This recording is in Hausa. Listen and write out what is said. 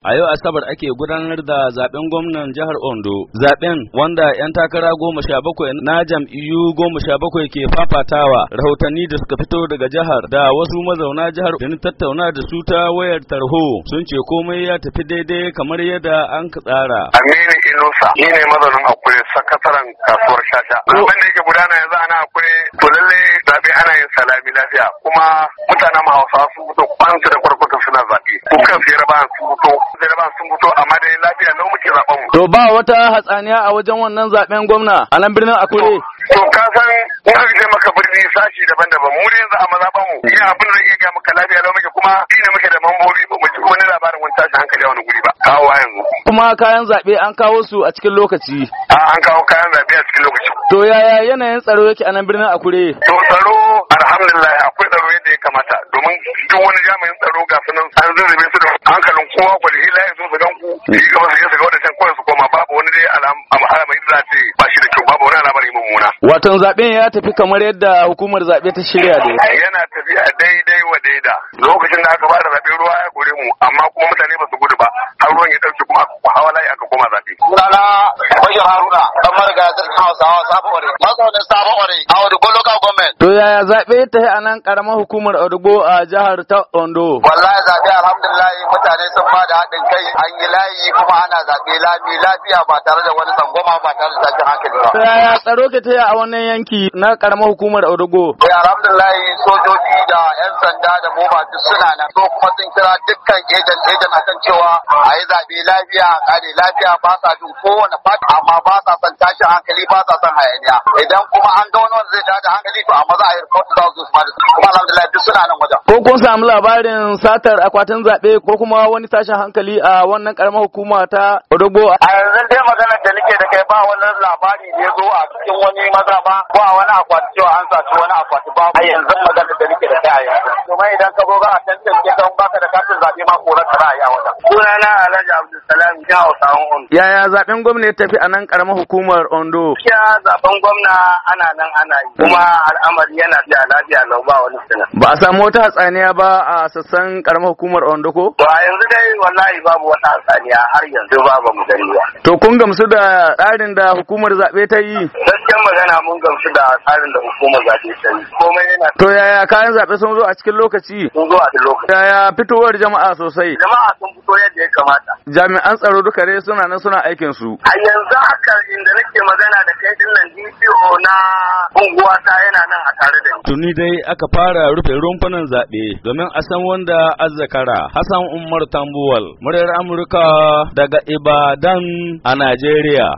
A yau Asabar ake gudanar da zaben gwamnan jihar Ondo. Zaben wanda 'yan takara goma sha bakwai na jam'iyyu goma sha bakwai ke fafatawa rahotanni da suka fito daga jihar da wasu mazauna jihar da tattauna da su ta wayar tarho sun ce komai ya tafi daidai kamar yadda an tsara. Aminu Inusa ni ne mazaunin Akure sakataren kasuwar Shasha. Abin da yake gudana yanzu ana Akure to lallai zabe ana yin salami lafiya kuma mutanen Hausa su fito kwanci da wannan zaɓe. Kukan su yarabawan sun fito, yarabawan sun fito amma dai lafiya lau muke zaɓen mu. To ba wata hatsaniya a wajen wannan zaɓen gwamna a nan birnin Akure. To ka san in ka ce maka birni sashi daban-daban mu yanzu a mazaɓan mu. Yin abin da iya gaya maka lafiya lau muke kuma shi ne muke da mambobi ba mu ci wani labarin wani tashi hankali a wani guri ba. Kawo yanzu. Kuma kayan zaɓe an kawo su a cikin lokaci. A an kawo kayan zaɓe a cikin lokaci. To yaya yanayin tsaro yake a nan birnin Akure? To tsaro alhamdulillah kamata domin duk wani jami'in tsaro ga sunan an zuzube su da hankalin kowa gwada hila ya zo su gan ku yi gaba su je su ga wadancan kawai su koma babu wani dai al'amari da ce ba shi da kyau babu wani alamar yi mummuna. Watan zaben ya tafi kamar yadda hukumar zaɓe ta shirya da yana tafiya daidai wa daida lokacin da aka ba da zaɓe ruwa ya gore mu amma kuma mutane ba su gudu ba har ruwan ya ɗauki kuma hawa layi aka koma zaɓe. Sunana Bashir Haruna, kamar ɗan marga Hausawa, Sabo masu wani Sabo Ore, a wani local government. yaya zaɓe ta yi a nan ƙaramar hukumar Odugo a jihar ta Ondo? Wallahi zaɓe alhamdulillah layi mutane sun ba da haɗin kai an yi layi kuma ana zaɓe lami lafiya ba tare da wani tsangwama ba tare da tashin hankali ba. Yaya tsaro ke taya a wannan yanki na ƙaramar hukumar Odogo? Eh layi sojoji da ƴan sanda da mu masu suna nan so kuma sun kira dukkan ejan ejan akan cewa a yi zaɓe lafiya a ƙare lafiya ba sa jin kowane fata amma ba sa son tashin hankali ba sa son hayaniya idan kuma an ga wani wanda zai tada hankali to a maza a yi rikotu za su zo su kuma alhamdulillah duk suna nan wajen. Ko kun samu labarin satar akwatin zaɓe ko kuma wani tashin hankali a wannan karamar hukuma ta Odogbo. A yanzu dai magana da nake da kai ba wani labarin cikin wani maza ba ba wani akwati cewa an saci wani akwati ba a yanzu magana da nake da kai a yanzu idan ka zo ba a ke ka baka da katin zaɓe ma korar ka ra'ayi a wata. na alhaji abdulsalam ya hausawan ondo. yaya zaɓen gwamna ya tafi a nan karamar hukumar ondo. Ya zaɓen gwamna ana nan ana yi kuma al'amari yana da lafiya lau ba wani suna. ba a samu wata hatsaniya ba a sassan karamar hukumar ondo ko. ba yanzu dai wallahi babu wata hatsaniya har yanzu babu mu gani ba. to kun gamsu da tsarin da hukumar zabe ta yi. gaskiyar magana mun gamsu da tsarin da hukumar zaɓe ta yi komai yana to yaya kayan zaɓe sun zo a cikin lokaci sun zo a cikin lokaci yaya fitowar jama'a sosai jama'a sun fito yadda ya kamata jami'an tsaro duka dai suna nan suna aikin su a yanzu haka inda nake magana da kai din nan DPO na unguwa ta yana nan a tare da ni tuni dai aka fara rufe rumfunan zaɓe domin a san wanda azzakara Hassan Umar Tambuwal muryar Amurka daga Ibadan a Najeriya